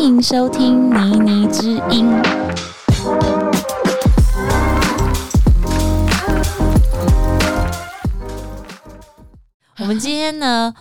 歡迎收聽《妮妮之音》。我們今天呢，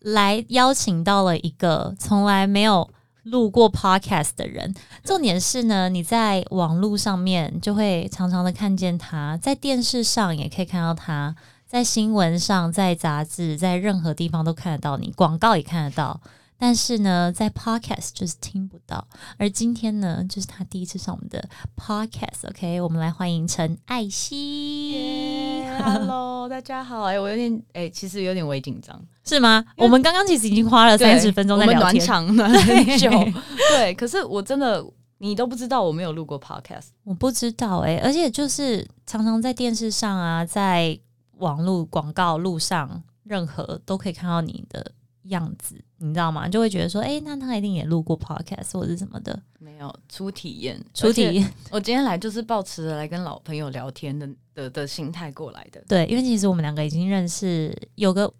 來邀請到了一個從來沒有錄過 Podcast 的人。重點是呢，你在網路上面就會常常的看見他，在電視上也可以看到他，在新聞上、在雜誌、在任何地方都看得到你，廣告也看得到。但是呢，在 Podcast 就是聽不到，而今天呢，就是他第一次上我們的 Podcast。OK，我們來歡迎陳艾熙。Yeah, hello， 大家好。哎、欸，我有點哎、欸，其實有點微緊張，是嗎？我們剛剛其實已經花了三十分鐘在聊天，我們暖場了，很久。 對，可是我真的，你都不知道，我沒有錄過 Podcast，我不知道、欸。哎，而且就是常常在電視上啊，在網絡廣告路上，任何都可以看到你的樣子。你知道嗎？就會覺得說，哎、欸，那他一定也錄過 podcast 或者什麼的。沒有初體驗，初體驗。體驗，我今天來就是抱持著來跟老朋友聊天的的的心態過來的。對，因為其實我們兩個已經認識有個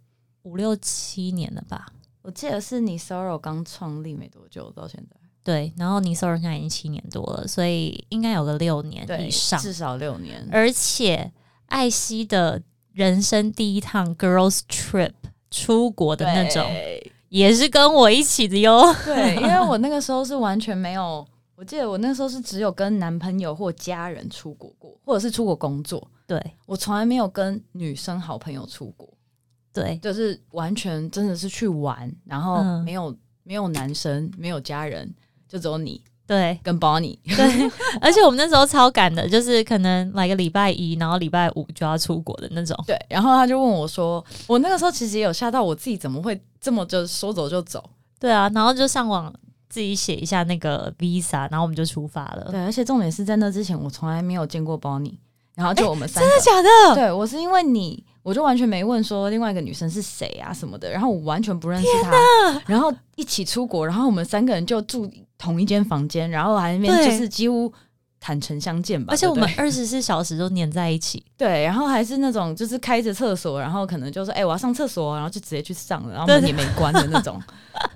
五六七年了吧？我記得是 Nisoro 剛創立沒多久到現在。對，然後 Nisoro 現在已經七年多了，所以應該有個六年以上，至少六年。而且艾熙的人生第一趟 girls trip 出國的那種。也是跟我一起的喲。對，因為我那個時候是完全沒有，我記得我那個時候是只有跟男朋友或家人出國過，或者是出國工作。對，我從來沒有跟女生好朋友出國。對，就是完全真的是去玩，然後沒有、嗯、沒有男生，沒有家人，就只有你。對，跟 Bonnie，對，而且我們那時候超趕的， 就是可能來個禮拜一，然後禮拜五就要出國的那種。對，然後他就問我說：“我那個時候其實也有嚇到我自己，怎麼會這麼就說走就走？”對啊，然後就上網自己寫一下那個 visa，然後我們就出發了。對，而且重點是在那之前，我從來沒有見過 Bonnie，然後就我們三個、欸、真的假的？對，我是因為你，我就完全沒問說另外一個女生是誰啊什麼的，然後我完全不認識她，天啊，然後一起出國，然後我們三個人就住同一間房間，然後還面就是幾乎坦誠相見吧。對對而且我們二十四小時都黏在一起。對，然後還是那種就是開着廁所，然後可能就說：“哎、欸，我要上廁所。”然後就直接去上了，然後門也沒關的那種。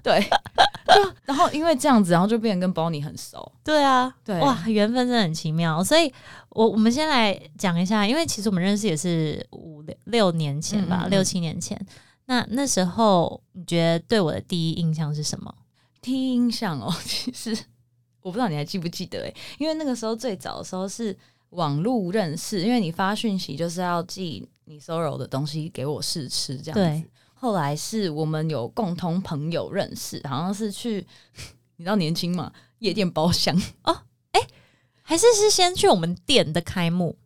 對,對, 對，然後因為這樣子，然後就變得跟 Bonnie 很熟。對啊，對，哇，緣分真的很奇妙。所以我我們先來講一下，因為其實我們認識也是五六六年前吧嗯嗯，六七年前。那那時候，你覺得對我的第一印象是什麼？聽印象哦，其實我不知道你還記不記得哎，因為那個時候最早的時候是網路認識，因為你發訊息就是要寄你 Nisoro 的東西給我試吃這樣子。對。後來是我們有共同朋友認識，好像是去你知道年輕嘛，夜店包廂哦，哎、欸，還是是先去我們店的開幕？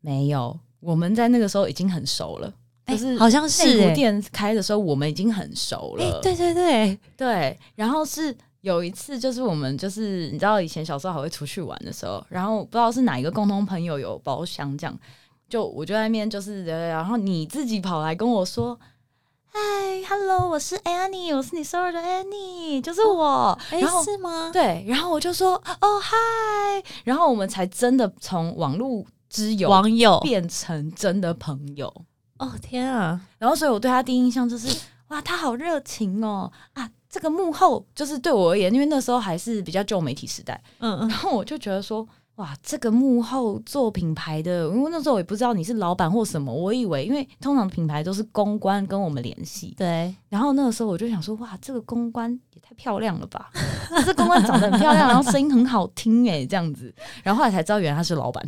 沒有，我們在那個時候已經很熟了。欸、就是好像是那家店開的時候、欸，我們已經很熟了。欸、對對對對,對，然後是有一次，就是我們就是你知道以前小時候還會出去玩的時候，然後不知道是哪一個共同朋友有包廂這樣。就我就在那邊就是對對對，然後你自己跑來跟我說：“嗨，hello，我是 Annie，我是你所有的 Annie，就是我。哦欸”然後是嗎？對，然後我就說：“哦嗨。”然後我們才真的從網絡之友、網友變成真的朋友。哦天啊！然後所以我對他第一印象就是，哇，他好熱情哦！啊，這個幕後就是對我而言，因為那時候還是比較舊媒體時代，嗯嗯，然後我就覺得說。哇，這個幕後做品牌的，因為那時候我也不知道你是老板或什麼，我以為因為通常品牌都是公關跟我們聯繫，對。然後那個時候我就想說，哇，這個公關也太漂亮了吧！這 公關長得很漂亮，然後聲音很好聽誒。這樣子。然後後來才知道，原來她是老板。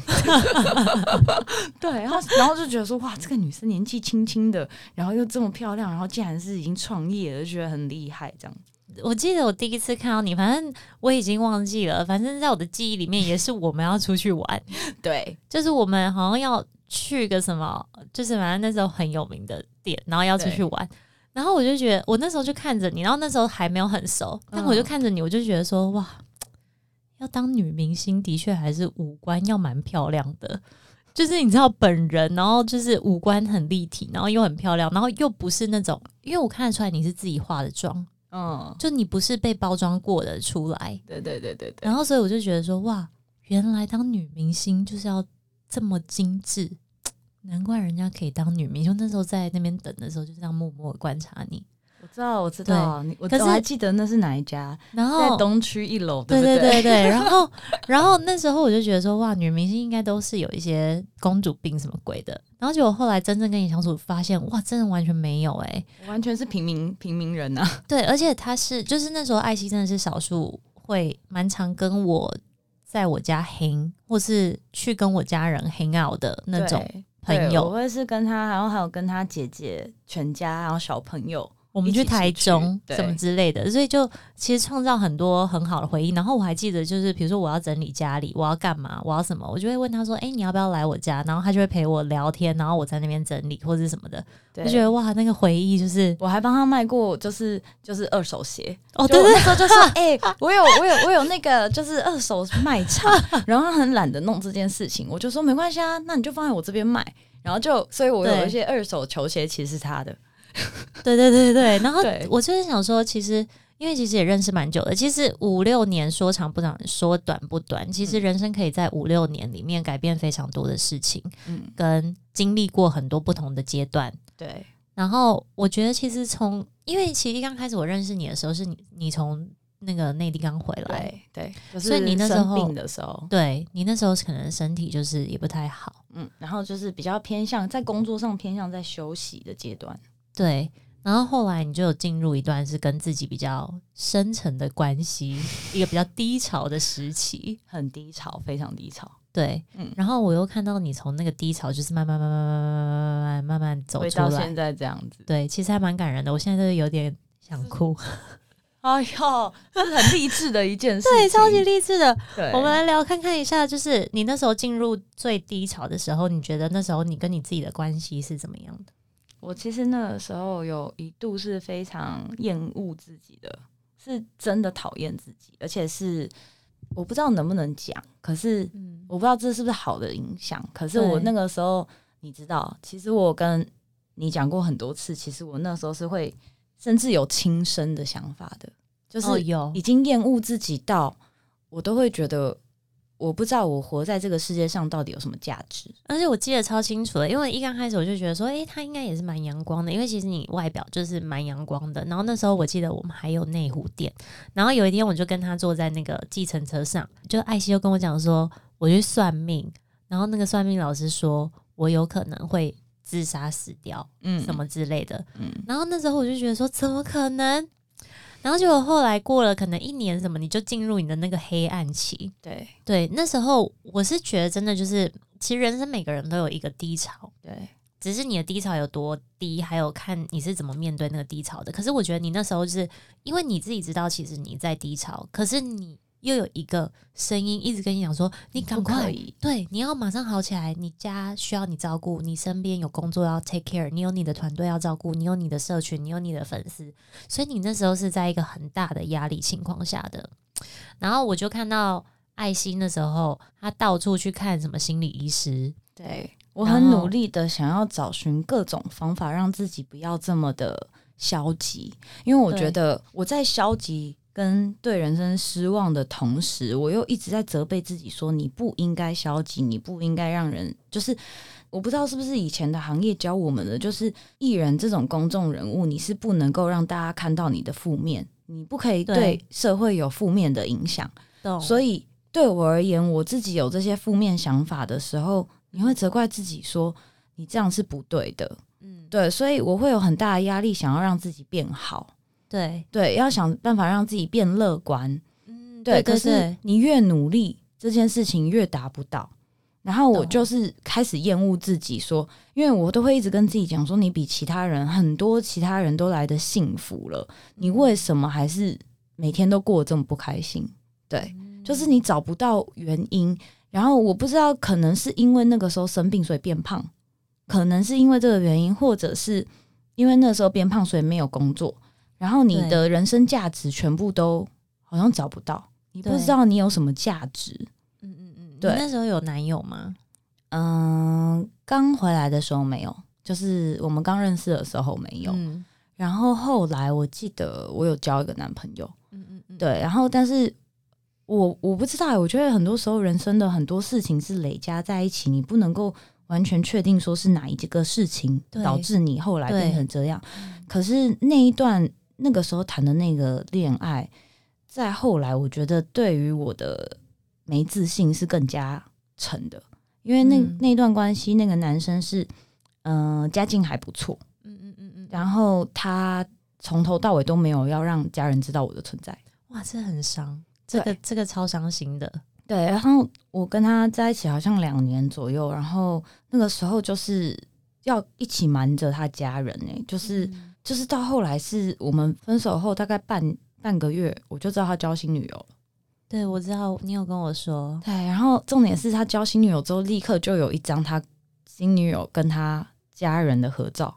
對，然後然後就覺得說，哇，這個女生年紀輕輕的，然後又這麼漂亮，然後竟然是已經創業了，就覺得很厲害這樣子。我記得我第一次看到你，反正我已經忘記了。反正在我的記憶裡面，也是我們要出去玩。 對，就是我們好像要去個什麼，就是反正那時候很有名的店，然後要出去玩。然後我就覺得，我那時候就看着你，然後那時候還沒有很熟，嗯、但我就看着你，我就覺得說，哇，要當女明星的確還是五官要蠻漂亮的，就是你知道本人，然後就是五官很立體，然後又很漂亮，然後又不是那種，因為我看得出來你是自己化的妝。嗯、oh，就你不是被包裝過的出來，對對對對對。然後所以我就覺得說，哇，原來當女明星就是要這麼精致，難怪人家可以當女明星。那時候在那邊等的時候，就這樣默默觀察你。知道我知道，但是還記得那是哪一家，然後在東區一樓，對對對對、對。 然後然後那時候我就覺得說，哇，女明星應該都是有一些公主病什麼鬼的。然後結果後來真正跟你相處，發現哇，真的完全沒有哎、欸，完全是平民平民人吶、啊。對，而且他是就是那時候艾熙真的是少數會蠻常跟我在我家 hang 或是去跟我家人 hang out 的那種朋友對對。我會是跟他，然後還有跟他姐姐全家，然後小朋友，我們去台中什麼之類的，所以就其實創造很多很好的回憶。然後我還記得，就是比如說我要整理家裡，我要幹嘛，我要什麼，我就會問他說：“欸，你要不要來我家？”然後他就會陪我聊天，然後我在那邊整理或是什麼的，就覺得哇，那個回憶就是。我還幫他賣過，就是就是二手鞋。哦，對對對，那時候就說：“欸， 我有我有我有那個就是二手賣場。 ”然後他很懶得弄這件事情，我就說：“沒關係啊，那你就放在我這邊賣。”然後就，所以我有一些二手球鞋其實是他的。 對，對對對對，然後我就是想說，其實因為其實也認識蠻久了，其實五六年說長不長，說短不短，其實人生可以在五六年裡面改變非常多的事情，嗯，跟經歷過很多不同的階段，對。然後我覺得其實從，因為其實一剛開始我認識你的時候，是你你從那個內地剛回來，對，對就是、所以你那時候病的時候，對，你那時候可能身體就是也不太好，嗯，然後就是比較偏向在工作上偏向在休息的階段。對，然後後來你就有進入一段是跟自己比較深層的關係， 一個比較低潮的時期，很低潮，非常低潮。對，嗯，然後我又看到你從那個低潮，就是慢慢、慢慢、慢慢、慢慢、慢慢、慢慢走出來，到現在這樣子。對，其實還蠻感人的，我現在都有點想哭。哎呦，這很勵志的一件事， 對，超級勵志的。對，我們來聊看看一下，就是你那時候進入最低潮的時候，你覺得那時候你跟你自己的關係是怎麼樣的？我其實那個時候有一度是非常厭惡自己的，是真的討厭自己，而且是我不知道能不能講，可是我不知道這是不是好的影響。可是我那個時候，你知道，其實我跟你講過很多次，其實我那時候是會甚至有輕生的想法的，就是有已經厭惡自己到我都會覺得。我不知道我活在這個世界上到底有什麼價值，而且我記得超清楚的，因為一剛開始我就覺得說，誒、欸，他應該也是蠻陽光的，因為其實你外表就是蠻陽光的。然後那時候我記得我們還有內湖店，然後有一天我就跟他坐在那個計程車上，就艾熙就跟我講說，我去算命，然後那個算命老師說我有可能會自殺死掉，嗯，什麼之類的，嗯，然後那時候我就覺得說，怎麼可能？然後結果後來過了可能一年什麼，你就進入你的那個黑暗期。對對，那時候我是覺得真的就是，其實人生每個人都有一個低潮。對，只是你的低潮有多低，還有看你是怎麼面對那個低潮的。可是我覺得你那時候是因為你自己知道，其實你在低潮，可是你。又有一個聲音一直跟你講說：“你趕快，對，你要馬上好起來。你家需要你照顧，你身邊有工作要 take care，你有你的團隊要照顧，你有你的社群，你有你的粉絲。所以你那時候是在一個很大的壓力情況下的。然後我就看到艾熙的時候，他到處去看什麼心理醫師。對，我很努力的想要找尋各種方法讓自己不要這麼的消極，因為我覺得我在消極。”跟對人生失望的同時，我又一直在責備自己說：“你不應該消極，你不應該讓人就是……我不知道是不是以前的行業教我們的，就是藝人這種公眾人物，你是不能夠讓大家看到你的負面，你不可以對社會有負面的影響。”所以對我而言，我自己有這些負面想法的時候，你會責怪自己說：“你這樣是不對的。”嗯，對，所以我會有很大的壓力，想要讓自己變好。對對，要想辦法讓自己變樂觀。嗯，對，對，對，對，可是你越努力，這件事情越達不到。然後我就是開始厭惡自己說，說，因為我都會一直跟自己講說，你比其他人很多，其他人都來得幸福了，嗯，你為什麼還是每天都過這麼不開心？對，嗯，就是你找不到原因。然後我不知道，可能是因為那個時候生病所以變胖，可能是因為這個原因，或者是因為那個時候變胖所以沒有工作。然後你的人生價值全部都好像找不到，你不知道你有什麼價值。嗯嗯嗯。對，對你那時候有男友嗎？嗯，剛回來的時候沒有，就是我們剛認識的時候沒有。嗯。然後後來我記得我有交一個男朋友。嗯嗯嗯。對，然後但是我我不知道，我覺得很多時候人生的很多事情是累加在一起，你不能夠完全確定說是哪一幾個事情導致你後來變成這樣。嗯。可是那一段。那個時候談的那個戀愛，再後來，我覺得對於我的沒自信是更加沉的，因為那、嗯、那段關係，那個男生是，嗯、呃，家境還不錯，嗯嗯嗯嗯，然後他從頭到尾都沒有要讓家人知道我的存在，哇，這很傷，這個這個超傷心的，對，然後我跟他在一起好像兩年左右，然後那個時候就是要一起瞞着他家人、欸，呢，就是。嗯就是到後來是我們分手後大概半半個月，我就知道他交新女友了。對，我知道你有跟我說。對，然後重點是他交新女友之後，立刻就有一張他新女友跟他家人的合照。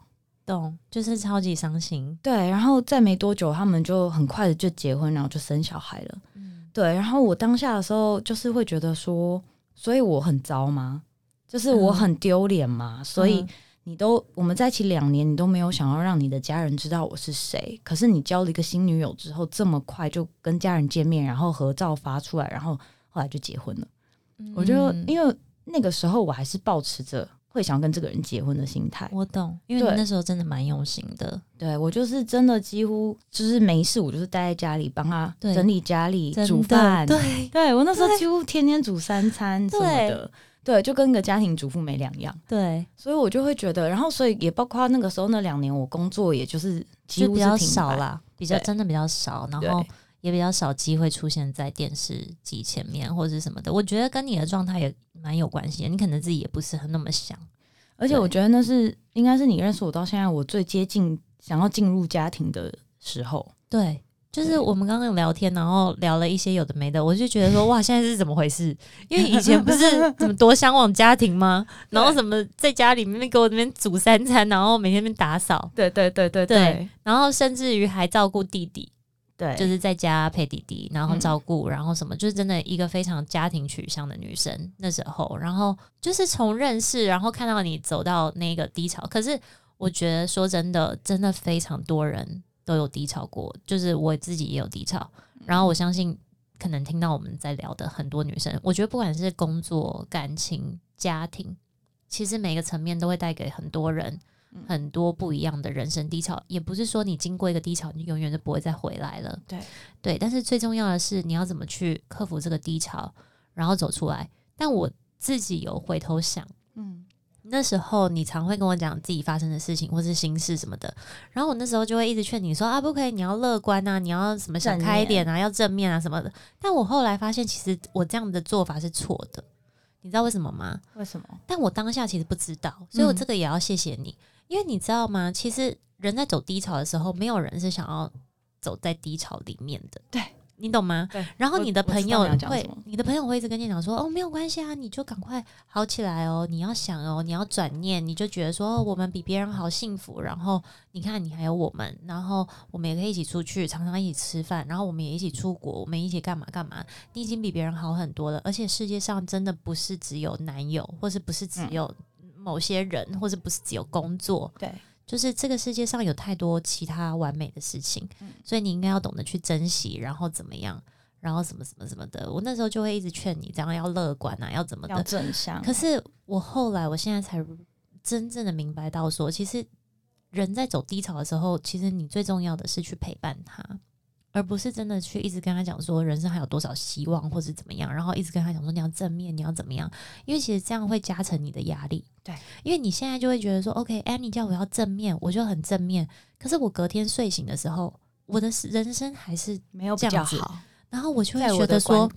懂，就是超級傷心。對，然後再沒多久，他們就很快的就結婚，然後就生小孩了。嗯，對。然後我當下的時候就是會覺得說，所以我很糟嗎？就是我很丟臉嘛。所以。嗯你都我們在一起兩年，你都沒有想要讓你的家人知道我是誰。可是你交了一個新女友之後，這麼快就跟家人見面，然後合照發出來，然後後來就結婚了。嗯、我覺得，因為那個時候我還是抱持著會想跟這個人結婚的心態。我懂，因為那時候真的蠻用心的。對，對我就是真的幾乎就是沒事，我就是待在家裡幫他整理家裡煮、煮飯。對，對我那時候幾乎天天煮三餐什麼的。對，就跟個家庭主婦沒兩樣。對，所以我就會覺得，然後所以也包括那個時候那兩年，我工作也就是其實比較少啦，比較真的比較少，然後也比較少機會出現在電視機前面或者什麼的。我覺得跟你的狀態也蠻有關係，你可能自己也不是很那麼想。而且我覺得那是應該是你認識我到現在，我最接近想要進入家庭的時候。對。就是我們剛剛聊天，然後聊了一些有的沒的，我就覺得說哇，現在是怎麼回事？因為以前不是怎麼多嚮往家庭嗎？然後什麼在家裡面給我那邊煮三餐，然後每天那邊打掃，對對，對對對對對，然後甚至於還照顧弟弟，對，就是在家陪弟弟，然後照顧，然後什麼，就是真的一個非常家庭取向的女生，嗯、那時候。然後就是從認識，然後看到你走到那個低潮，可是我覺得說真的，真的非常多人。都有低潮過，就是我自己也有低潮。嗯、然後我相信，可能聽到我們在聊的很多女生，我覺得不管是工作、感情、家庭，其實每個層面都會帶給很多人、嗯、很多不一樣的人生低潮。也不是說你經過一個低潮，你永遠就不會再回來了。對，對。但是最重要的是，你要怎麼去克服這個低潮，然後走出來。但我自己有回頭想，嗯。那時候你常會跟我講自己發生的事情或是心事什麼的，然後我那時候就會一直勸你說啊，不可以，你要樂觀啊，你要什麼想開一點啊，要正面啊什麼的。但我後來發現，其實我這樣的做法是錯的，你知道為什麼嗎？為什麼？但我當下其實不知道，所以我這個也要謝謝你，嗯、因為你知道嗎？其實人在走低潮的時候，沒有人是想要走在低潮裡面的。對。你懂嗎？對。然後你的朋友會，你，會你的朋友會一直跟你講說，哦，沒有關係啊，你就趕快好起來哦。你要想哦，你要轉念，你就覺得說，哦，我們比別人好幸福。嗯，然後你看，你還有我們，然後我們也可以一起出去，常常一起吃飯，然後我們也一起出國，嗯，我們一起幹嘛幹嘛。你已經比別人好很多了，而且世界上真的不是只有男友，或是不是只有某些人，嗯，或是不是只有工作，對。就是這個世界上有太多其他完美的事情，所以你應該要懂得去珍惜，然後怎麼樣，然後什麼什麼什麼的。我那時候就會一直勸你，這樣要樂觀啊，要怎麼的，要正向。可是我後來，我現在才真正的明白到說其實人在走低潮的時候，其實你最重要的是去陪伴他。而不是真的去一直跟他講說人生還有多少希望，或是怎麼樣，然後一直跟他講說你要正面，你要怎麼樣？因為其實這樣會加成你的壓力。對，因為你現在就會覺得說，OK，Annie、欸、叫我要正面，我就很正面。可是我隔天睡醒的時候，我的人生還是沒有比較好。然後我就會覺得說，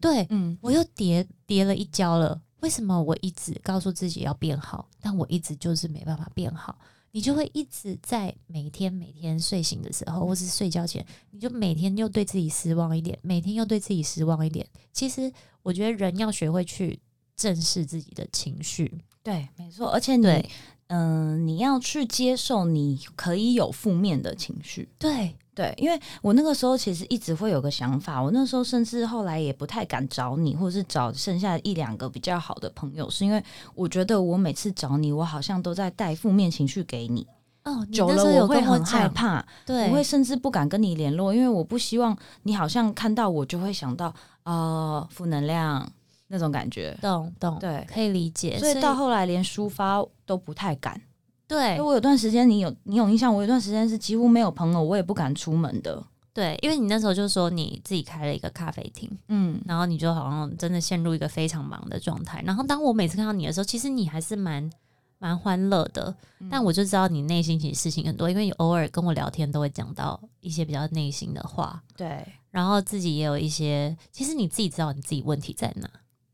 對，嗯，我又跌跌了一跤了。為什麼我一直告訴自己要變好，但我一直就是沒辦法變好？你就會一直在每天每天睡醒的時候，或是睡覺前，你就每天又對自己失望一點，每天又對自己失望一點。其實，我覺得人要學會去正視自己的情緒，對，沒錯。而且，對嗯、呃，你要去接受，你可以有負面的情緒，對。對，因為我那個時候其實一直會有個想法，我那時候甚至後來也不太敢找你，或是找剩下一兩個比較好的朋友，是因為我覺得我每次找你，我好像都在帶負面情緒給你。哦，有久了我會很害怕，對，我會甚至不敢跟你聯絡，因為我不希望你好像看到我就會想到呃負能量那種感覺。懂懂，對，可以理解。所以到後來連抒發都不太敢。對，我有段時間，你有你有印象，我有段時間是幾乎沒有朋友，我也不敢出門的。對，因為你那時候就說你自己開了一個咖啡廳，嗯，然後你就好像真的陷入一個非常忙的狀態。然後當我每次看到你的時候，其實你還是蠻蠻歡樂的。嗯，但我就知道你內心其實事情很多，因為你偶爾跟我聊天都會講到一些比較內心的話。對，然後自己也有一些，其實你自己知道你自己問題在哪。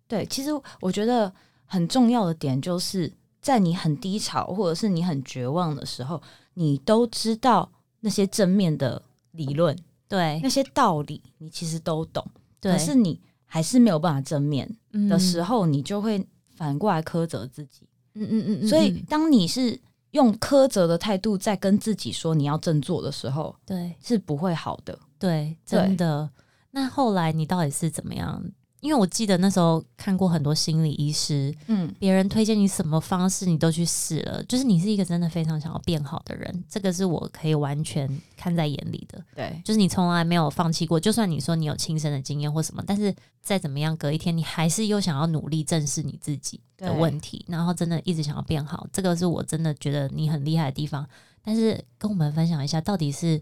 對，其實我覺得很重要的點就是，在你很低潮，或者是你很絕望的時候，你都知道那些正面的理論，對那些道理，你其實都懂。可是，你還是沒有辦法正面的時候，嗯、你就會反過來苛責自己。嗯嗯嗯。所以，當你是用苛責的態度在跟自己說你要振作的時候，嗯、對，是不會好的。對，真的。那後來你到底是怎麼樣？因為我記得那時候看過很多心理醫師，嗯，別人推薦你什麼方式，你都去試了。就是你是一個真的非常想要變好的人，這個是我可以完全看在眼裡的。對，就是你從來沒有放棄過，就算你說你有親身的經驗或什麼，但是再怎麼樣，隔一天你還是又想要努力正視你自己的問題，然後真的一直想要變好。這個是我真的覺得你很厲害的地方。但是跟我們分享一下，到底是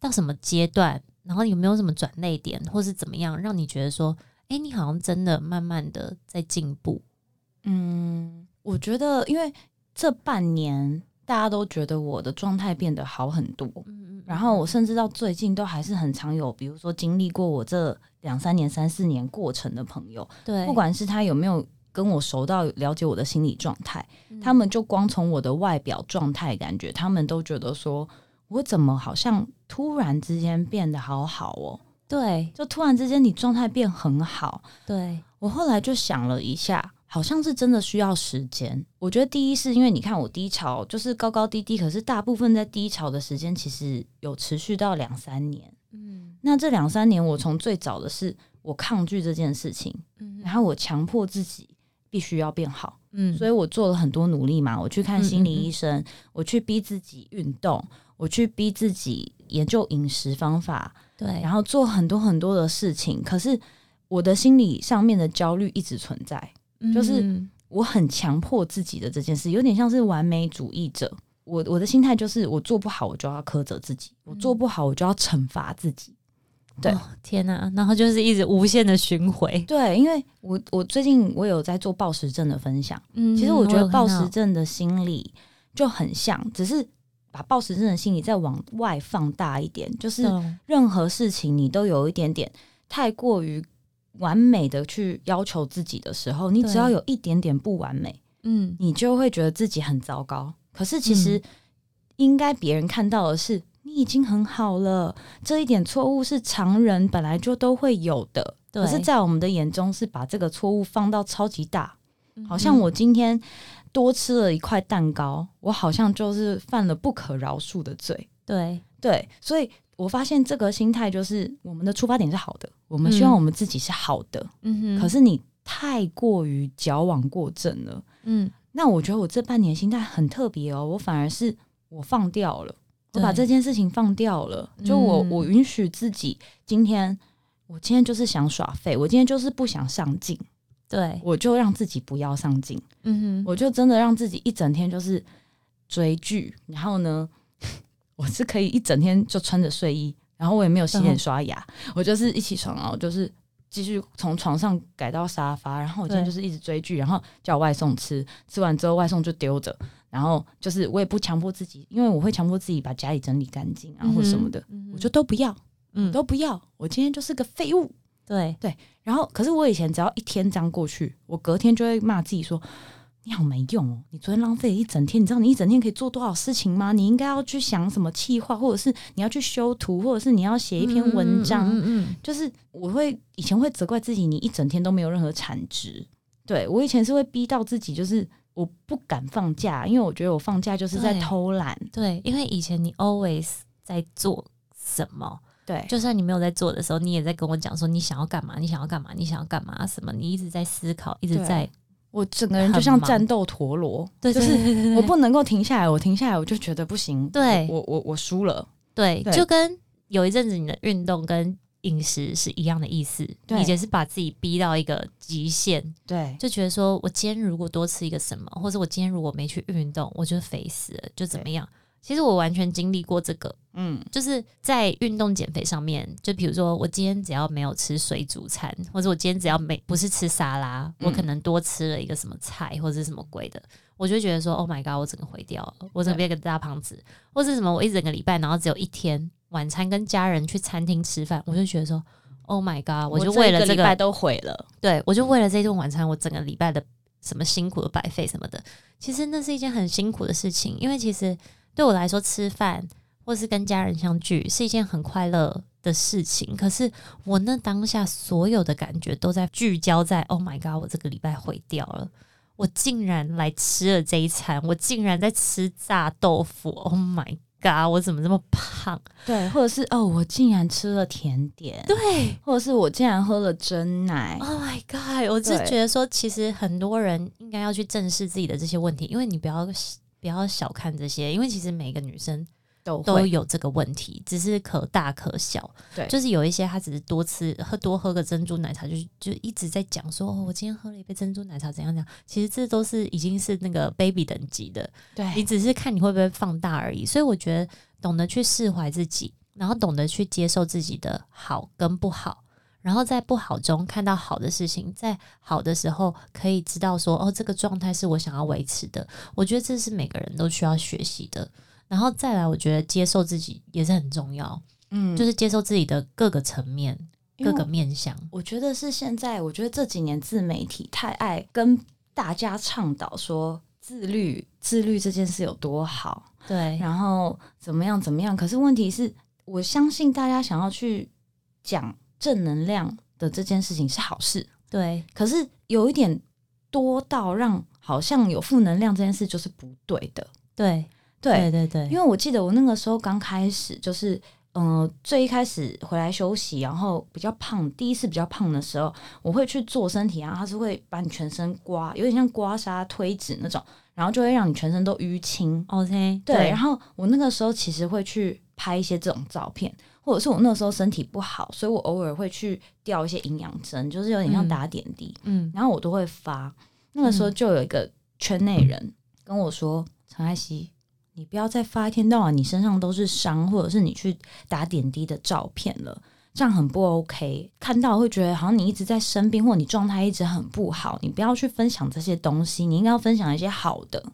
到什麼階段，然後有沒有什麼轉捩點，或是怎麼樣，讓你覺得說，哎、欸，你好像真的慢慢的在進步。嗯，我覺得，因為這半年大家都覺得我的狀態變得好很多。嗯嗯。然後我甚至到最近都還是很常有，比如說經歷過我這兩三年、三四年過程的朋友，對，不管是他有沒有跟我熟到了解我的心理狀態，嗯，他們就光從我的外表狀態感覺，他們都覺得說我怎麼好像突然之間變得好好哦。對，就突然之間你狀態變很好。對，我後來就想了一下，好像是真的需要時間。我覺得第一是因為你看我低潮就是高高低低，可是大部分在低潮的時間其實有持續到兩三年。嗯，那這兩三年我從最早的是我抗拒這件事情，嗯，然後我強迫自己必須要變好。嗯，所以我做了很多努力嘛，我去看心理醫生，嗯嗯嗯，我去逼自己運動，我去逼自己研究飲食方法。對，然後做很多很多的事情，可是我的心理上面的焦慮一直存在，嗯、就是我很強迫自己的這件事，有點像是完美主義者。我我的心態就是，我做不好我就要苛責自己，我做不好我就要懲罰自己。嗯、對，哦、天哪、啊，然後就是一直無限的循環。對，因為我我最近我有在做暴食症的分享，嗯，其實我覺得暴食症的心理就很像，只是把暴食症的心理再往外放大一點，就是任何事情你都有一點點太過於完美的去要求自己的時候，你只要有一點點不完美，嗯，你就會覺得自己很糟糕。可是其實，嗯，應該別人看到的是你已經很好了，這一點錯誤是常人本來就都會有的，可是，在我們的眼中是把這個錯誤放到超級大，好像我今天，嗯多吃了一塊蛋糕，我好像就是犯了不可饒恕的罪。對對，所以我發現這個心態就是我們的出發點是好的，我們希望我們自己是好的。嗯。可是你太過於矯枉過正了。嗯。那我覺得我這半年心態很特別哦，我反而是我放掉了，我把這件事情放掉了。就我、嗯，我允許自己今天，我今天就是想耍廢，我今天就是不想上進。對，我就讓自己不要上鏡。嗯哼，我就真的讓自己一整天就是追劇，然後呢，我是可以一整天就穿着睡衣，然後我也沒有洗臉刷牙、嗯，我就是一起床啊，我就是繼續從床上改到沙發，然後我今天就是一直追劇，然後叫我外送吃，吃完之後外送就丟着，然後就是我也不強迫自己，因為我會強迫自己把家裡整理乾淨啊、嗯、或什麼的、嗯，我就都不要，嗯、都不要，我今天就是個廢物。對對，然後可是我以前只要一天這樣過去，我隔天就會罵自己說：“你好沒用哦，你昨天浪費了一整天，你知道你一整天可以做多少事情嗎？你應該要去想什麼企劃，或者是你要去修圖，或者是你要寫一篇文章。嗯嗯嗯嗯、就是我會以前會責怪自己，你一整天都沒有任何產值。對，我以前是會逼到自己，就是我不敢放假，因為我覺得我放假就是在偷懶。對，因為以前你 always 在做什麼？”對，就算你沒有在做的時候，你也在跟我講說你想要幹嘛，你想要幹嘛，你想要幹嘛，什麼？你一直在思考，一直在，我整個人就像戰鬥陀螺，對對對對，就是我不能夠停下來，我停下來我就覺得不行，對，我我我輸了對，對，就跟有一陣子你的運動跟飲食是一樣的意思，對，以前是把自己逼到一個極限，對，就覺得說我今天如果多吃一個什麼，或者我今天如果沒去運動，我就肥死了，就怎麼樣。其實我完全經歷過這個，嗯，就是在運動減肥上面，就比如說我今天只要沒有吃水煮餐，或者我今天只要沒不是吃沙拉、嗯，我可能多吃了一個什麼菜或者什麼鬼的，我就會覺得說 Oh my god，我整個毀掉了，我怎麼變個大胖子，或者什麼？我一整個禮拜，然後只有一天晚餐跟家人去餐廳吃飯，我就覺得說 Oh my god，我，我就為了這個都毀了，對，我就為了這頓晚餐，我整個禮拜的什麼辛苦都白費什麼的。其實那是一件很辛苦的事情，因為其實。對我來說，吃飯或是跟家人相聚是一件很快樂的事情。可是我那當下所有的感覺都在聚焦在 “Oh my God！” 我這個禮拜毀掉了！我竟然來吃了這一餐！我竟然在吃炸豆腐！Oh my God！我怎麼這麼胖？對，或者是哦，oh, 我竟然吃了甜點？對，或者是我竟然喝了珍奶？Oh my God！我是覺得說，其實很多人應該要去正視自己的這些問題，因為你不要。不要小看這些，因為其實每個女生都都有這個問題，只是可大可小。對，就是有一些她只是多吃喝多喝個珍珠奶茶，就就一直在講說哦，我今天喝了一杯珍珠奶茶，怎樣怎樣。其實這都是已經是那個 baby 等級的。對，你只是看你會不會放大而已。所以我覺得懂得去釋懷自己，然後懂得去接受自己的好跟不好。然後在不好中看到好的事情，在好的時候可以知道說哦，這個狀態是我想要維持的。我覺得這是每個人都需要學習的。然後再來，我覺得接受自己也是很重要。嗯，就是接受自己的各個層面、各個面向。我覺得是現在，我覺得這幾年自媒體太愛跟大家倡導說自律，自律這件事有多好。對，然後怎麼樣怎麼樣？可是問題是，我相信大家想要去講。正能量的這件事情是好事，對。可是有一點多到讓好像有負能量這件事就是不對的，對對對對。因為我記得我那個時候剛開始，就是嗯、呃，最一開始回來休息，然後比較胖，第一次比較胖的時候，我會去做身體啊，它是會把你全身刮，有點像刮痧推脂那種，然後就會讓你全身都淤青。OK，對。對，然後我那個時候其實會去。拍一些這種照片，或者是我那時候身體不好，所以我偶爾會去吊一些營養針，就是有點像打點滴。嗯，然後我都會發。那個時候就有一個圈內人跟我說：“陳、嗯、艾熙，你不要再發一天到晚你身上都是傷，或者是你去打點滴的照片了，這樣很不 OK。看到會覺得好像你一直在生病，或者你狀態一直很不好。你不要去分享這些東西，你應該要分享一些好的。”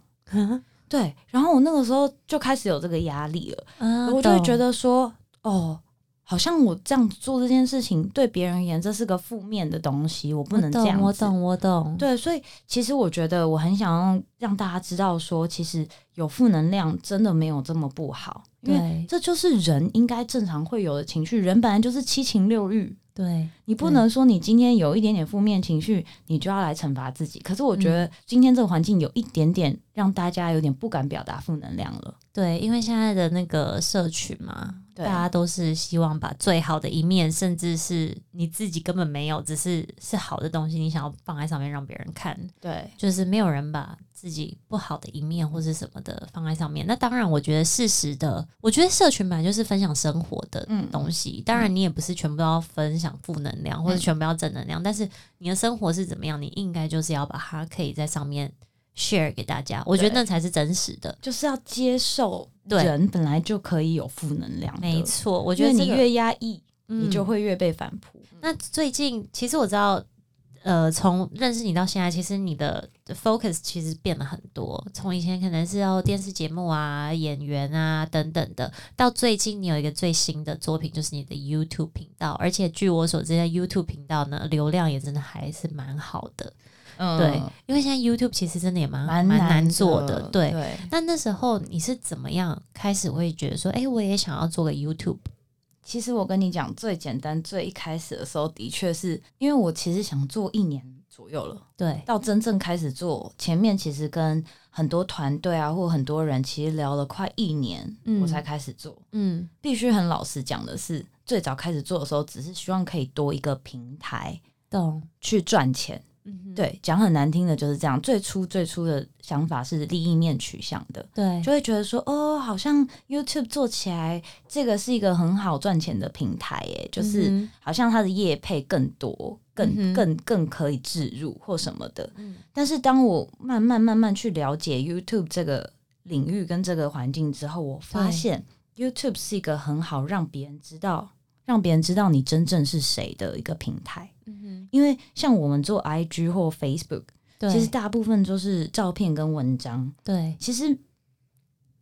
對，然後我那個時候就開始有這個壓力了，嗯，我就會覺得說，嗯，哦，好像我這樣做這件事情，對別人而言這是個負面的東西，我不能這樣我，我懂，我懂。對，所以其實我覺得我很想讓讓大家知道說，說其實有負能量真的沒有這麼不好。對，這就是人應該正常會有的情緒，人本來就是七情六慾。對，你不能說你今天有一點點負面情緒，你就要來懲罰自己。可是我覺得今天這個環境有一點點讓大家有點不敢表達負能量了。對，因為現在的那個社群嘛，大家都是希望把最好的一面，甚至是你自己根本沒有，只是是好的東西，你想要放在上面讓別人看。對，就是沒有人把自己不好的一面或是什麼的放在上面。那當然，我覺得事實的，我覺得社群本來就是分享生活的東西。嗯、當然，你也不是全部都要分享負能量，嗯，或者全部要正能量。但是你的生活是怎麼樣，你應該就是要把它可以在上面，share 給大家，我覺得那才是真實的，就是要接受人本來就可以有負能量，沒錯。我覺得，這個，你越壓抑，嗯，你就會越被反撲。那最近其實我知道，呃，從認識你到現在，其實你的 focus 其實變了很多。從以前可能是要電視節目啊、演員啊等等的，到最近你有一個最新的作品，就是你的 YouTube 頻道，而且據我所知，在 YouTube 頻道呢，流量也真的還是蠻好的。嗯、對，因為現在 YouTube 其實真的也蠻蠻難做的。做的對，那那時候你是怎麼樣開始會覺得說，哎，我也想要做個 YouTube？其實我跟你講，最簡單、最一開始的時候，的確是因為我其實想做一年左右了。對，到真正開始做，前面其實跟很多團隊啊，或很多人其實聊了快一年，嗯、我才開始做。嗯，必須很老實講的是，最早開始做的時候，只是希望可以多一個平台，對，去賺錢。對，講很難聽的就是這樣。最初最初的想法是利益面取向的，對，就會覺得說，哦，好像 YouTube 做起來這個是一個很好賺錢的平台耶。就是好像它的業配更多，更、嗯、更更可以置入或什麼的。嗯。但是當我慢慢慢慢去了解 YouTube 這個領域跟這個環境之後，我發現 YouTube 是一個很好讓別人知道。讓別人知道你真正是誰的一個平台，嗯，因為像我們做 IG 或 Facebook，其實大部分都是照片跟文章。對，其實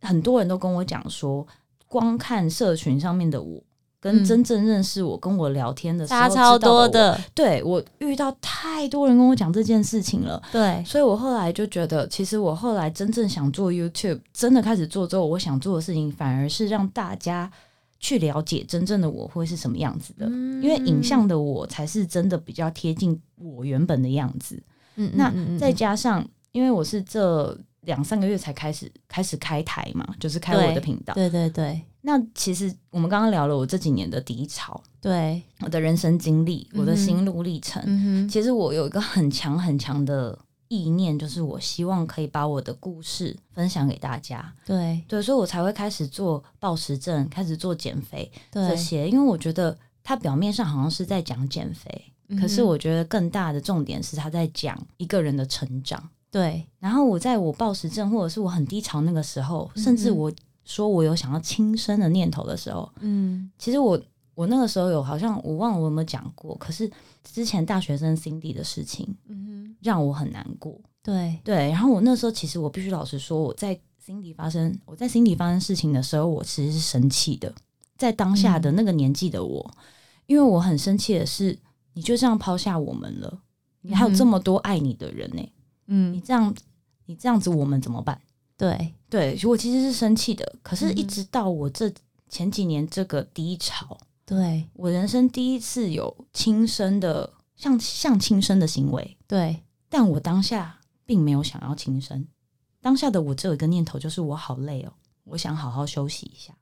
很多人都跟我講說，光看社群上面的我，跟真正認識我、跟我聊天的，時候的，嗯、差超多的。對，我遇到太多人跟我講這件事情了。對，所以我後來就覺得，其實我後來真正想做 YouTube，真的開始做之後，我想做的事情反而是讓大家，去了解真正的我會是什麼樣子的，嗯、因為影像的我才是真的比較貼近我原本的樣子，嗯。那再加上，因為我是這兩三個月才開始開始開台嘛，就是開我的頻道，對。對對對。那其實我們剛剛聊了我這幾年的低潮，對我的人生經歷，我的心路歷程，嗯嗯。其實我有一個很強很強的。意念就是我希望可以把我的故事分享給大家，對,對所以我才會開始做暴食症，開始做減肥對這些，因為我覺得它表面上好像是在講減肥，嗯、可是我覺得更大的重點是他在講一個人的成長。對，然後我在我暴食症或者是我很低潮那個時候，嗯、甚至我說我有想要輕生的念頭的時候，嗯，其實我。我那個時候有好像我忘了我有沒有講過，可是之前大學生 Cindy 的事情，嗯哼，讓我很難過。對對，然後我那時候其實我必須老實說，我在 Cindy 發生我在 Cindy 發生事情的時候，我其實是生氣的。在當下的那個年紀的我，嗯，因為我很生氣的是，你就這樣拋下我們了，你、嗯、還有這麼多愛你的人呢，欸。嗯，你這樣你這樣子，我們怎麼辦？對對，我其實是生氣的。可是，一直到我這、嗯、前幾年這個低潮。對，我人生第一次有輕生的，像像輕生的行為。對，但我當下並沒有想要輕生。當下的我只有一個念頭，就是我好累哦，我想好好休息一下。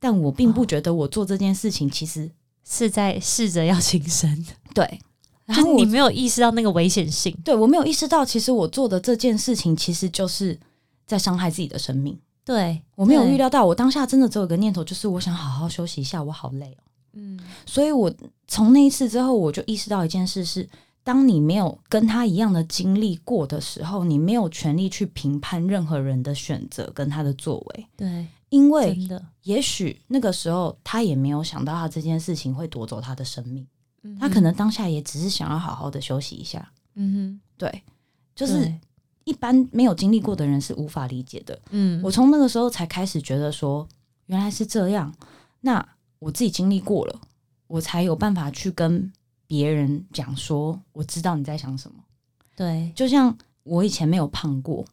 但我並不覺得我做這件事情其實，哦，其實是在試着要輕生的。對，然後你沒有意識到那個危險性。我對，我沒有意識到，其實我做的這件事情，其實就是在傷害自己的生命。對，對，我沒有預料到，我當下真的只有一個念頭，就是我想好好休息一下，我好累哦。嗯，所以我從那一次之後，我就意識到一件事是：是當你沒有跟他一樣的經歷過的時候，你沒有權利去評判任何人的選擇跟他的作為。對，因為也許那個時候他也沒有想到，他這件事情會奪走他的生命。嗯，他可能當下也只是想要好好的休息一下。嗯哼，對，就是。一般沒有經歷過的人是無法理解的。嗯，我從那個時候才開始覺得說，原來是這樣。那我自己經歷過了，我才有辦法去跟別人講說，我知道你在想什麼。對，就像我以前沒有胖過，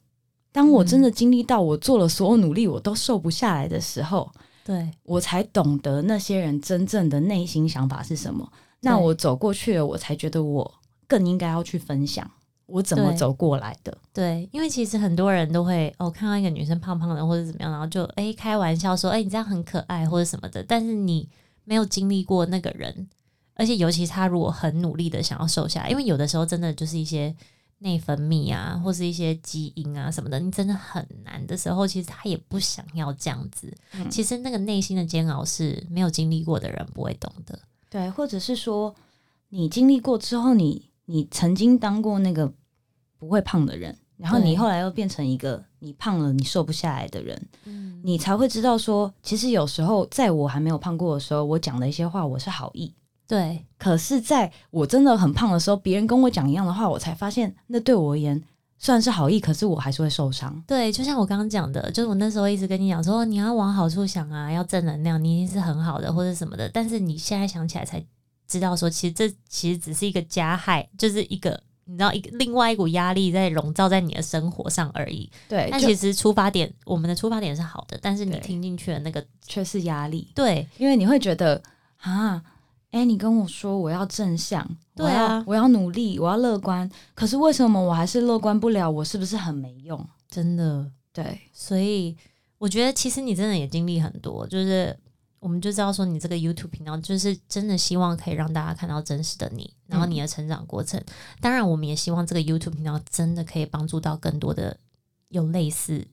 當我真的經歷到我做了所有努力、嗯、我都瘦不下來的時候，對，我才懂得那些人真正的內心想法是什麼。那我走過去了，我才覺得我更應該要去分享。我怎麼走過來的？對，對，因為其實很多人都會哦，看到一個女生胖胖的或者怎麼樣，然後就哎、欸、開玩笑說，哎、欸，你這樣很可愛或者什麼的。但是你沒有經歷過那個人，而且尤其他如果很努力的想要瘦下來，因為有的時候真的就是一些內分泌啊，或是一些基因啊什麼的，你真的很難的時候其實他也不想要這樣子。嗯、其實那個內心的煎熬是沒有經歷過的人不會懂的，對，或者是說你經歷過之後你。你曾經當過那個不會胖的人，然後你後來又變成一個你胖了你瘦不下來的人，嗯，你才會知道說，其實有時候在我還沒有胖過的時候，我講的一些話我是好意，對。可是，在我真的很胖的時候，別人跟我講一樣的話，我才發現那對我而言雖然是好意，可是我還是會受傷。對，就像我剛剛講的，就是我那時候一直跟你講說，你要往好處想啊，要正能量，你一定是很好的或者什麼的，但是你現在想起來才。知道說，其實這其實只是一個加害，就是一個你知道一個另外一股壓力在籠罩在你的生活上而已。對，那其實出發點，我們的出發點是好的，但是你聽進去的那個卻是壓力。對，因為你會覺得啊，哎、欸，你跟我說我要正向，對啊，我要，我要努力，我要樂觀，可是為什麼我還是樂觀不了？我是不是很沒用？真的對，所以我覺得其實你真的也經歷很多，就是。我們就知道說，你這個 YouTube 頻道就是真的希望可以讓大家看到真實的你，然後你的成長過程。嗯、當然，我們也希望這個 YouTube 頻道真的可以幫助到更多的有類似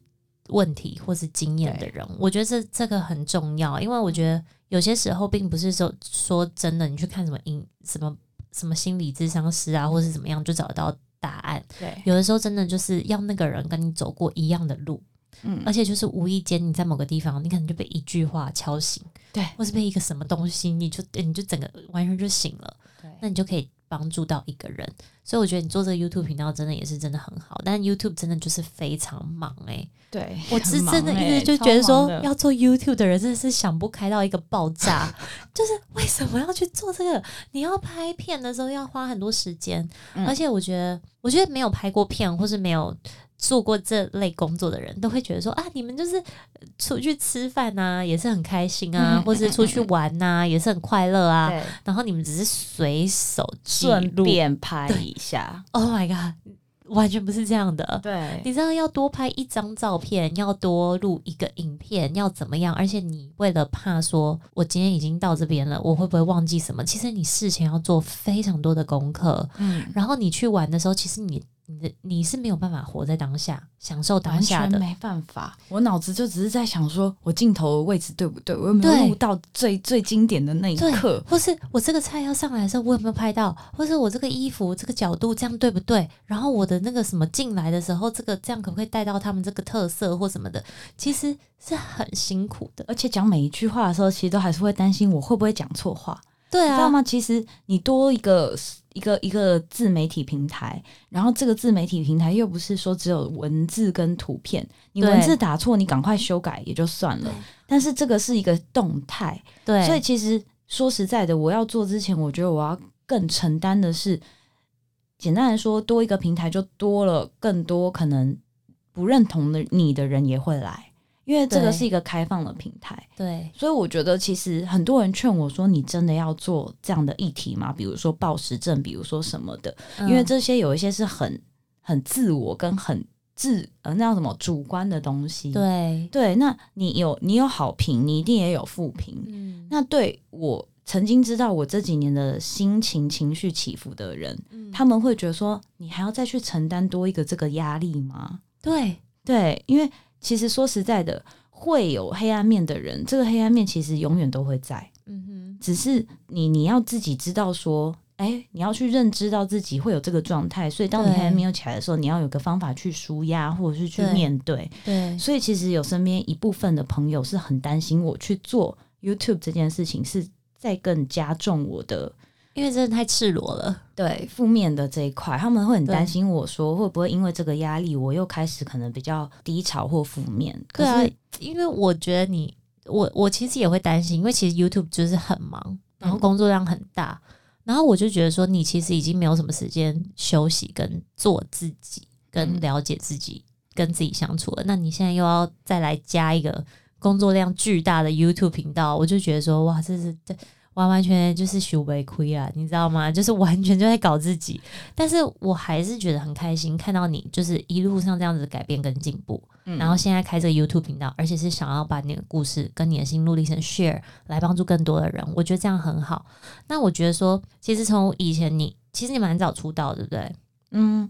問題或是經驗的人。我覺得這這個很重要，因為我覺得有些時候並不是說說真的，你去看什麼影什麼什麼心理諮商師啊、嗯，或是怎麼樣就找到答案。對，有的時候真的就是要那個人跟你走過一樣的路。嗯，而且就是無意間你在某個地方，你可能就被一句話敲醒，對，或是被一個什麼東西，你就你就整個完全就醒了，對，那你就可以幫助到一個人。所以我覺得你做這個 YouTube 頻道真的也是真的很好，但 YouTube 真的就是非常忙誒、欸。對我是、欸、真的一直就覺得說要做 YouTube 的人真的是想不開到一個爆炸， 就是為什麼要去做這個？你要拍片的時候要花很多時間、嗯，而且我覺得我覺得沒有拍過片或是沒有。做過這類工作的人都會覺得說，啊，你們就是出去吃飯吶、啊，也是很開心啊， 或是出去玩吶、啊，也是很快樂啊。 然後你們只是隨手順便拍一下。Oh my god，、嗯、完全不是這樣的。對，你知道要多拍一張照片，要多錄一個影片，要怎麼樣？而且你為了怕說我今天已經到這邊了，我會不會忘記什麼？其實你事前要做非常多的功課。嗯，然後你去玩的時候，其實你。你的你是沒有辦法活在當下，享受當下的，沒辦法。我腦子就只是在想，說我鏡頭的位置對不對？對，我有沒有錄到最最經典的那一刻，或是我這個菜要上來的時候，我有沒有拍到？或是我這個衣服這個角度這樣對不對？然後我的那個什麼進來的時候，這個這樣可不可以帶到他們這個特色或什麼的？其實是很辛苦的，而且講每一句話的時候，其實都還是會擔心我會不會講錯話。對啊，你知道嗎？其實你多一個。一個一個自媒體平台，然後這個自媒體平台又不是說只有文字跟圖片，你文字打錯你趕快修改也就算了，但是這個是一個動態，對，所以其實說實在的，我要做之前，我覺得我要更承擔的是，簡單來說，多一個平台就多了更多可能不認同的你的人也會來。因為這個是一個開放的平台，對，對所以我覺得其實很多人勸我說：“你真的要做這樣的議題嗎？比如說暴食症，比如說什麼的、嗯，因為這些有一些是很很自我跟很自呃那叫什麼主觀的東西。對”對對，那你有你有好評，你一定也有負評。嗯，那對我曾經知道我這幾年的心情情緒起伏的人、嗯，他們會覺得說：“你還要再去承擔多一個這個壓力嗎？”對對，因為。其實說實在的，會有黑暗面的人，這個黑暗面其實永遠都會在。嗯哼、只是你你要自己知道說，哎、欸，你要去認知到自己會有這個狀態，所以當你黑暗面起來的時候，你要有個方法去紓壓，或者是去面對，對。對，所以其實有身邊一部分的朋友是很擔心我去做 YouTube 這件事情，是在更加重我的。因為真的太赤裸了。對負面的這一塊，他們會很擔心我說會不會因為這個壓力，我又開始可能比較低潮或負面，對啊。可是因為我覺得你，我我其實也會擔心，因為其實 YouTube 就是很忙，然後工作量很大，嗯、然後我就覺得說，你其實已經沒有什麼時間休息，跟做自己，跟了解自己，嗯，跟自己相處了。那你現在又要再來加一個工作量巨大的 YouTube 頻道，我就覺得說，哇，這是完完全全就是虛偽虧啊，你知道嗎？就是完全就在搞自己，但是我還是覺得很開心，看到你就是一路上這樣子改變跟進步，嗯，然後現在開這個 YouTube 頻道，而且是想要把你的故事跟你的心路歷程 share 來幫助更多的人，我覺得這樣很好。那我覺得說，其實從以前你其實你蠻早出道，對不對？嗯，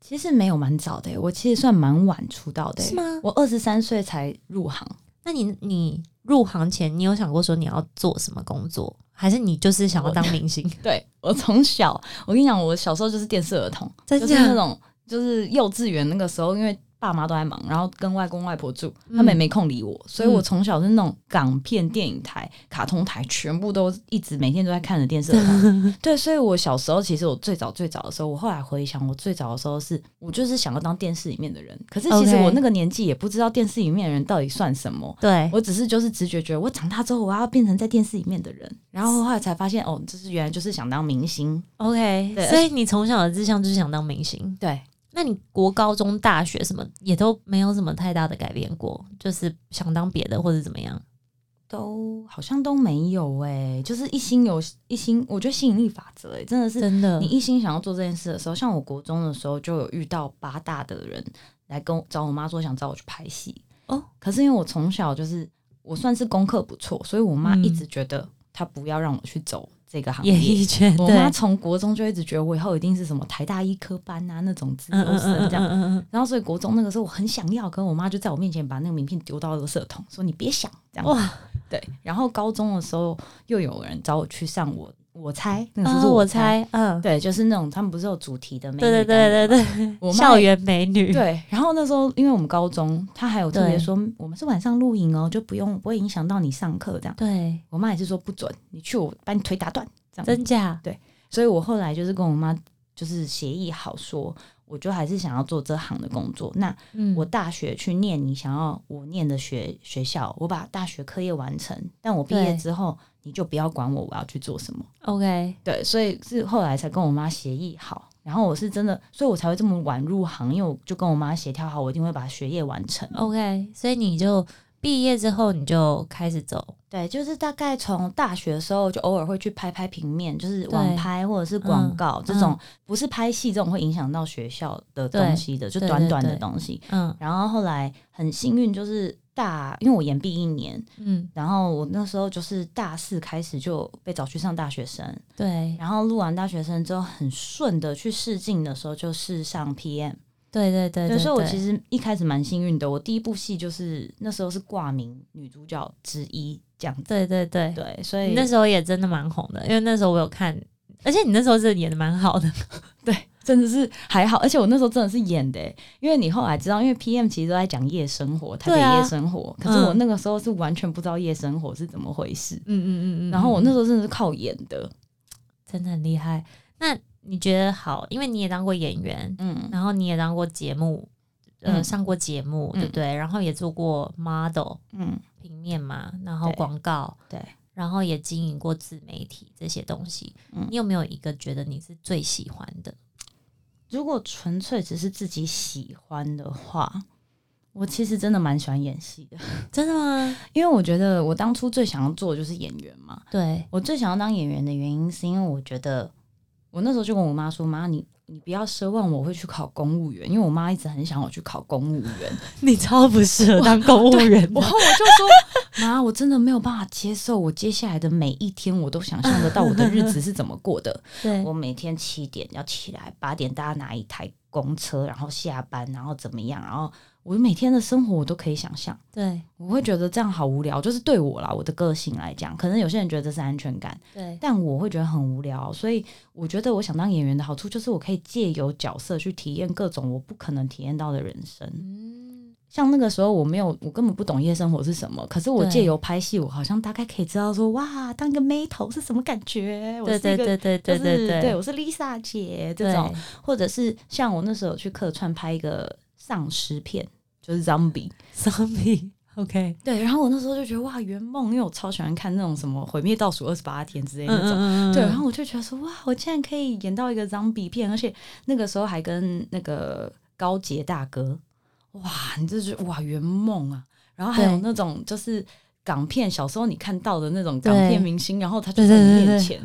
其實沒有蠻早的、欸，我其實算蠻晚出道的、欸，是嗎？我二十三歲才入行。那你你入行前，你有想過說你要做什麼工作，還是你就是想要當明星？我對，我從小，我跟你講，我小時候就是電視兒童，在這、就是、那種就是幼稚園那個時候，因為。爸媽都在忙，然後跟外公外婆住，嗯、他們也沒空理我，所以我從小是那種港片、電影台、嗯、卡通台，全部都一直每天都在看的電視的。 對，所以，我小時候其實我最早最早的時候，我後來回想，我最早的時候是我就是想要當電視裡面的人，可是其實我那個年紀也不知道電視裡面的人到底算什麼。對、okay.，我只是就是直覺覺得我長大之後我要變成在電視裡面的人，然後後來才發現哦，就是原來就是想當明星。OK，對，所以你從小的志向就是想當明星。對。那你國高中、大學什麼也都沒有什麼太大的改變過，就是想當別的或者怎麼樣，都好像都沒有哎，欸。就是一心有，一心我覺得吸引力法則，欸，真的是真的。你一心想要做這件事的時候，像我國中的時候就有遇到八大的人來跟我找我媽說想找我去拍戲哦。可是，因為我從小就是我算是功課不錯，所以我媽一直覺得她不要讓我去走。嗯。這個行業、演藝圈，我媽從國中就一直覺得我以後一定是什麼台大醫科班啊那種資優生。嗯，這樣。嗯嗯嗯嗯嗯，然後所以國中那個時候我很想要，可是我媽就在我面前把那個名片丟到垃圾桶，說你別想這樣。哇，對。然後高中的時候又有人找我去上我，我猜，那時候我,、哦、我猜，嗯，對，就是那種他們不是有主題的美女，對對對對對，校園美女。對，然後那時候，因為我們高中，他還有特別說，我們是晚上露營哦，就不用我不會影響到你上課這樣。對，我媽也是說不准你去我，我把你腿打斷。這樣。真假？對，所以我後來就是跟我媽就是協議好說。我就還是想要做這行的工作。那我大學去念你想要我念的學學校，我把大學課業完成。但我畢業之後，你就不要管我，我要去做什麼。OK，對，所以是後來才跟我媽協議好。然後我是真的，所以我才會這麼晚入行，因為我就跟我媽協調好，我一定會把學業完成。OK，所以你就。畢業之後你就開始走，對，就是大概從大學的時候就偶爾會去拍拍平面，就是網拍或者是廣告，嗯，這種，嗯，不是拍戲這種會影響到學校的東西的，就短短的東西，對對對。嗯，然後後來很幸運，就是大，因為我延畢一年，嗯，然後我那時候就是大四開始就被找去上大學生，對，然後錄完大學生之後很順的去試鏡的時候就是上 PM。對對，對對對，可是我其實一開始蠻幸運的，我第一部戲就是那時候是掛名女主角之一這樣子。對對對對，所以那時候也真的蠻紅的，因為那時候我有看，而且你那時候是演的蠻好的，對，真的是還好，而且我那時候真的是演的、欸，因為你後來知道，因為 PM 其實都在講夜生活，他的夜生活，啊嗯、可是我那個時候是完全不知道夜生活是怎麼回事，嗯嗯嗯嗯，然後我那時候真的是靠演的，真的很厲害，那。你覺得好，因為你也當過演員，嗯，然後你也當過節目，呃，嗯、上過節目、嗯，對不對？然後也做過 model，嗯，平面嘛，然後廣告對，對，然後也經營過自媒體這些東西、嗯。你有沒有一個覺得你是最喜歡的？如果純粹只是自己喜歡的話，我其實真的蠻喜歡演戲的。真的嗎？ 因為我覺得我當初最想要做的就是演員嘛。對，我最想要當演員的原因，是因為我覺得。我那時候就跟我媽說：“媽，你你不要奢望我會去考公務員，因為我媽一直很想我去考公務員。 你超不適合當公務員。我”然後我，我就說：“媽， 我真的沒有辦法接受，我接下來的每一天，我都想象得到我的日子是怎麼過的 對。我每天七點要起來，八點大家拿一台公車，然後下班，然後怎麼樣，然後。”我每天的生活我都可以想象，對，我會覺得這樣好無聊。就是對我啦，我的個性來講，可能有些人覺得這是安全感，對，但我會覺得很無聊。所以我覺得我想當演員的好處就是我可以借由角色去體驗各種我不可能體驗到的人生。嗯，像那個時候我沒有，我根本不懂夜生活是什麼，可是我借由拍戲，我好像大概可以知道說，哇，當個妹頭是什麼感覺？對、就是、對對對對對對，對，我是 Lisa 姐這種對，或者是像我那時候去客串拍一個喪屍片。就是 Zombie Zombie OK 對，然後我那時候就覺得哇圓夢，因為我超喜歡看那種什麼毀滅倒數二十八天之類的那種嗯嗯嗯嗯，對，然後我就覺得說哇，我竟然可以演到一個 Zombie 片，而且那個時候還跟那個高捷大哥，哇，你這就哇圓夢啊！然後還有那種就是港片，小時候你看到的那種港片明星，然後他就在你面前，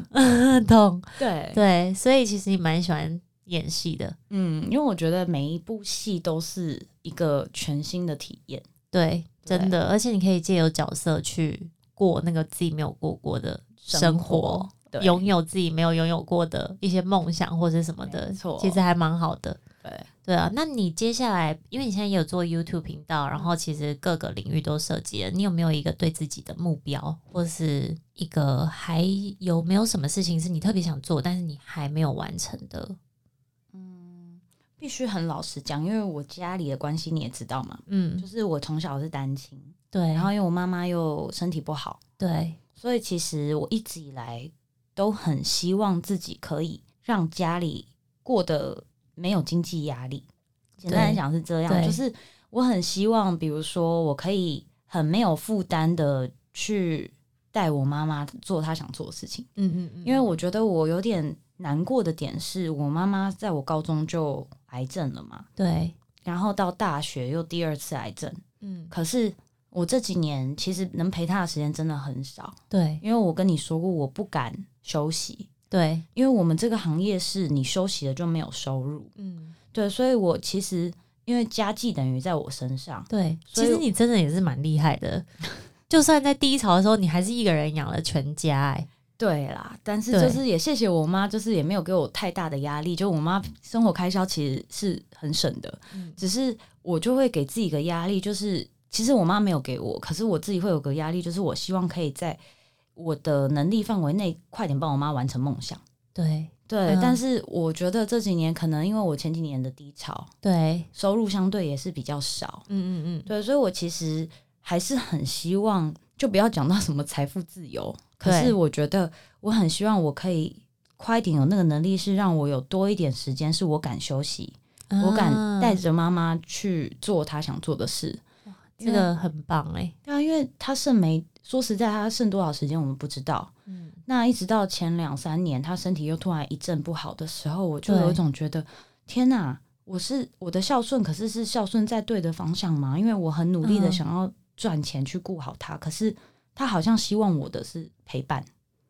懂對對，對，對、嗯、呵呵對，對，所以其實你蠻喜歡演戲的，嗯，因為我覺得每一部戲都是。一個全新的體驗，對，真的，而且你可以借由角色去過那個自己沒有過過的生活，擁有自己沒有擁有過的一些夢想或是什麼的，沒錯，其實還蠻好的。對，對啊，那你接下來，因為你現在也有做 YouTube 頻道，然後其實各個領域都涉及了，你有沒有一個對自己的目標，或是一個還有沒有什麼事情是你特別想做，但是你還沒有完成的？必須很老實講，因為我家裡的關係你也知道嘛，嗯，就是我從小是單親，對，然後因為我媽媽又身體不好，對，所以其實我一直以來都很希望自己可以讓家裡過得沒有經濟壓力，簡單來講是這樣，對，就是我很希望，比如說我可以很沒有負擔的去帶我媽媽做她想做的事情，嗯哼嗯哼，因為我覺得我有點難過的點是我媽媽在我高中就。癌症了嘛，對，然後到大學又第二次癌症。嗯，可是我這幾年其實能陪他的時間真的很少。對，因為我跟你說過，我不敢休息。對，因為我們這個行業是你休息了就沒有收入。嗯，對，所以我其實因為家計等於在我身上。對，其實你真的也是蠻厲害的， 就算在低潮的時候，你還是一個人養了全家欸。對啦，但是就是也謝謝我媽，就是也沒有給我太大的壓力。就我媽生活開銷其實是很省的。嗯，只是我就會給自己一個壓力，就是其實我媽沒有給我，可是，我自己會有個壓力，就是我希望可以在我的能力範圍內快點幫我媽完成夢想。對對、嗯，但是我覺得這幾年可能因為我前幾年的低潮，對，收入相對也是比較少，嗯嗯嗯，對，所以我其實還是很希望。就不要講到什麼財富自由，可是我覺得我很希望我可以快一點有那個能力，是讓我有多一點時間，是我敢休息，啊、我敢帶着媽媽去做她想做的事，真、這、的、個、很棒哎、欸。那、啊、因為她剩沒說實在，她剩多少時間我們不知道。嗯，那一直到前兩三年，她身體又突然一陣不好的時候，我就有一種覺得，天哪、啊！我是我的孝順，可是是孝順在對的方向嗎？因為我很努力的想要、嗯。賺錢去顧好他，可是他好像希望我的是陪伴。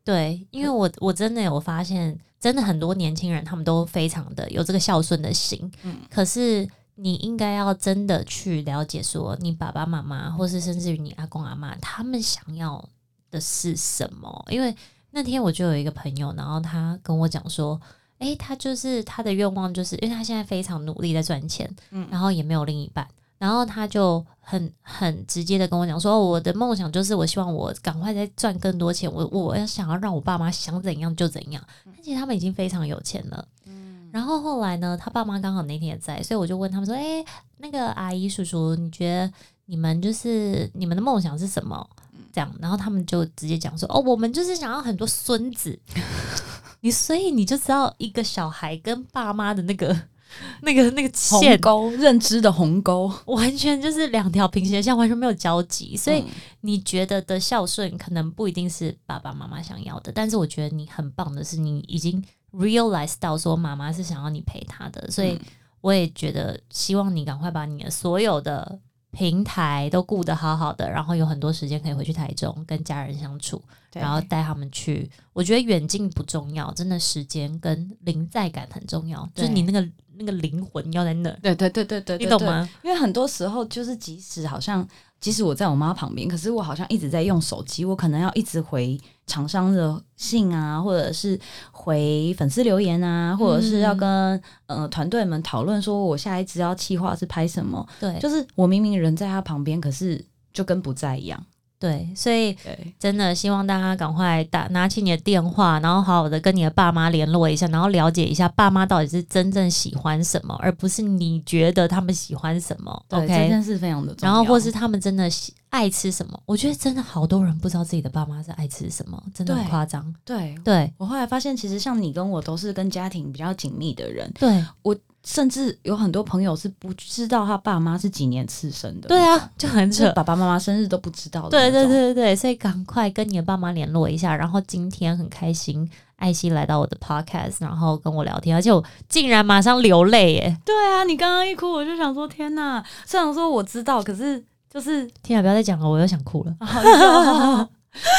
對，因為我我真的有發現，真的很多年輕人他們都非常的有這個孝順的心，嗯。可是你應該要真的去了解，說你爸爸媽媽，或是甚至於你阿公阿媽，他們想要的是什麼？因為那天我就有一個朋友，然後他跟我講說，欸，他就是他的願望，就是因為他現在非常努力在賺錢，嗯，然後也沒有另一半。然後他就很很直接的跟我講說，哦，我的夢想就是我希望我趕快再賺更多錢，我我要想要讓我爸媽想怎樣就怎樣，但其實他們已經非常有錢了。然後後來呢，他爸媽剛好那天也在，所以我就問他們說，哎，那個阿姨叔叔，你覺得你們就是你們的夢想是什麼？這樣，然後他們就直接講說，哦，我們就是想要很多孫子。你所以你就知道一個小孩跟爸媽的那個。那個那個鴻溝，認知的鴻溝，完全就是兩條平行線，完全沒有交集。嗯、所以你覺得的孝順，可能不一定是爸爸媽媽想要的。但是我覺得你很棒的是，你已經 realize 到說媽媽是想要你陪她的，嗯。所以我也覺得，希望你趕快把你的所有的平台都顧得好好的，然後有很多時間可以回去台中跟家人相處，然後帶他們去。我覺得遠近不重要，真的時間跟臨在感很重要。就是，你那個。那個靈魂要在那，對對對對對，你懂嗎？因為很多時候就是，即使好像，即使我在我媽旁邊，可是我好像一直在用手機，我可能要一直回廠商的信啊，或者是回粉絲留言啊、嗯，或者是要跟呃團隊們討論，說我下一支要企劃是拍什麼。對，就是我明明人在他旁邊，可是就跟不在一樣。對，所以真的希望大家趕快打，拿起你的電話，然後好好的跟你的爸媽聯絡一下，然後了解一下爸媽到底是真正喜歡什麼，而不是你覺得他們喜歡什麼。對，OK，真的是非常的重要。然後，或是他們真的喜。愛吃什麼？我覺得真的好多人不知道自己的爸媽是愛吃什麼，真的很誇張。對，對，對我後來發現，其實像你跟我都是跟家庭比較緊密的人。對，我甚至有很多朋友是不知道他爸媽是幾年次生的。對啊，就很扯， 爸爸媽媽生日都不知道的。對對對對對，所以趕快跟你的爸媽聯絡一下。然後今天很開心，艾熙來到我的 podcast，然後跟我聊天，而且我竟然馬上流淚耶！對啊，你剛剛一哭，我就想說天哪，雖然說我知道，可是。就是天啊，不要再講了，我又想哭了。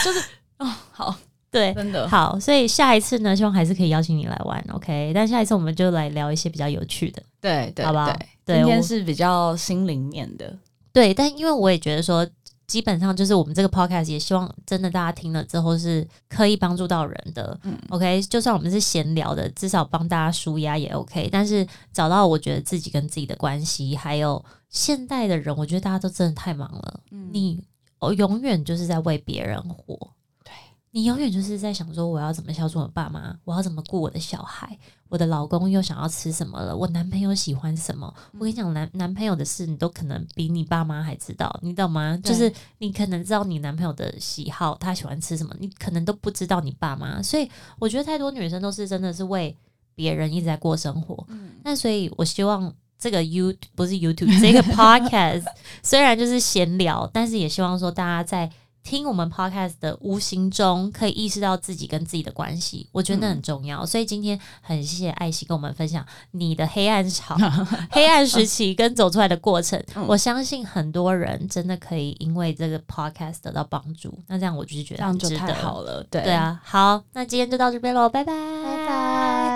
就是哦，好，對，真的好，所以下一次呢，希望還是可以邀請你來玩，OK？但下一次我們就來聊一些比較有趣的，對對，對，好不好對？對，今天是比較心靈面的，對。但因為我也覺得說，基本上就是我們這個 podcast 也希望真的大家聽了之後是可以幫助到人的，嗯，OK？就算我們是閒聊的，至少幫大家舒壓也 OK。但是找到我覺得自己跟自己的關係，還有。現代的人，我覺得大家都真的太忙了。嗯、你，哦，永遠就是在為別人活。對，你永遠就是在想說我我，我要怎麼孝順我爸媽？我要怎麼顧我的小孩？我的老公又想要吃什麼了？我男朋友喜歡什麼？嗯、我跟你講，男男朋友的事，你都可能比你爸媽還知道，你懂嗎？就是你可能知道你男朋友的喜好，他喜歡吃什麼，你可能都不知道你爸媽。所以，我覺得太多女生都是真的是為別人一直在過生活。那、嗯、所以，我希望。這個 You 不是 YouTube，這個 Podcast 雖然就是閒聊，但是也希望說大家在聽我們 Podcast 的無形中可以意識到自己跟自己的關係，我覺得很重要、嗯。所以今天很謝謝艾熙跟我們分享你的黑暗潮、 黑暗時期跟走出來的過程、 嗯，我相信很多人真的可以因為這個 Podcast 得到幫助。那這樣我就是覺得很值得，這樣就太好了，對對啊。好，那今天就到這邊嘍，拜拜。拜拜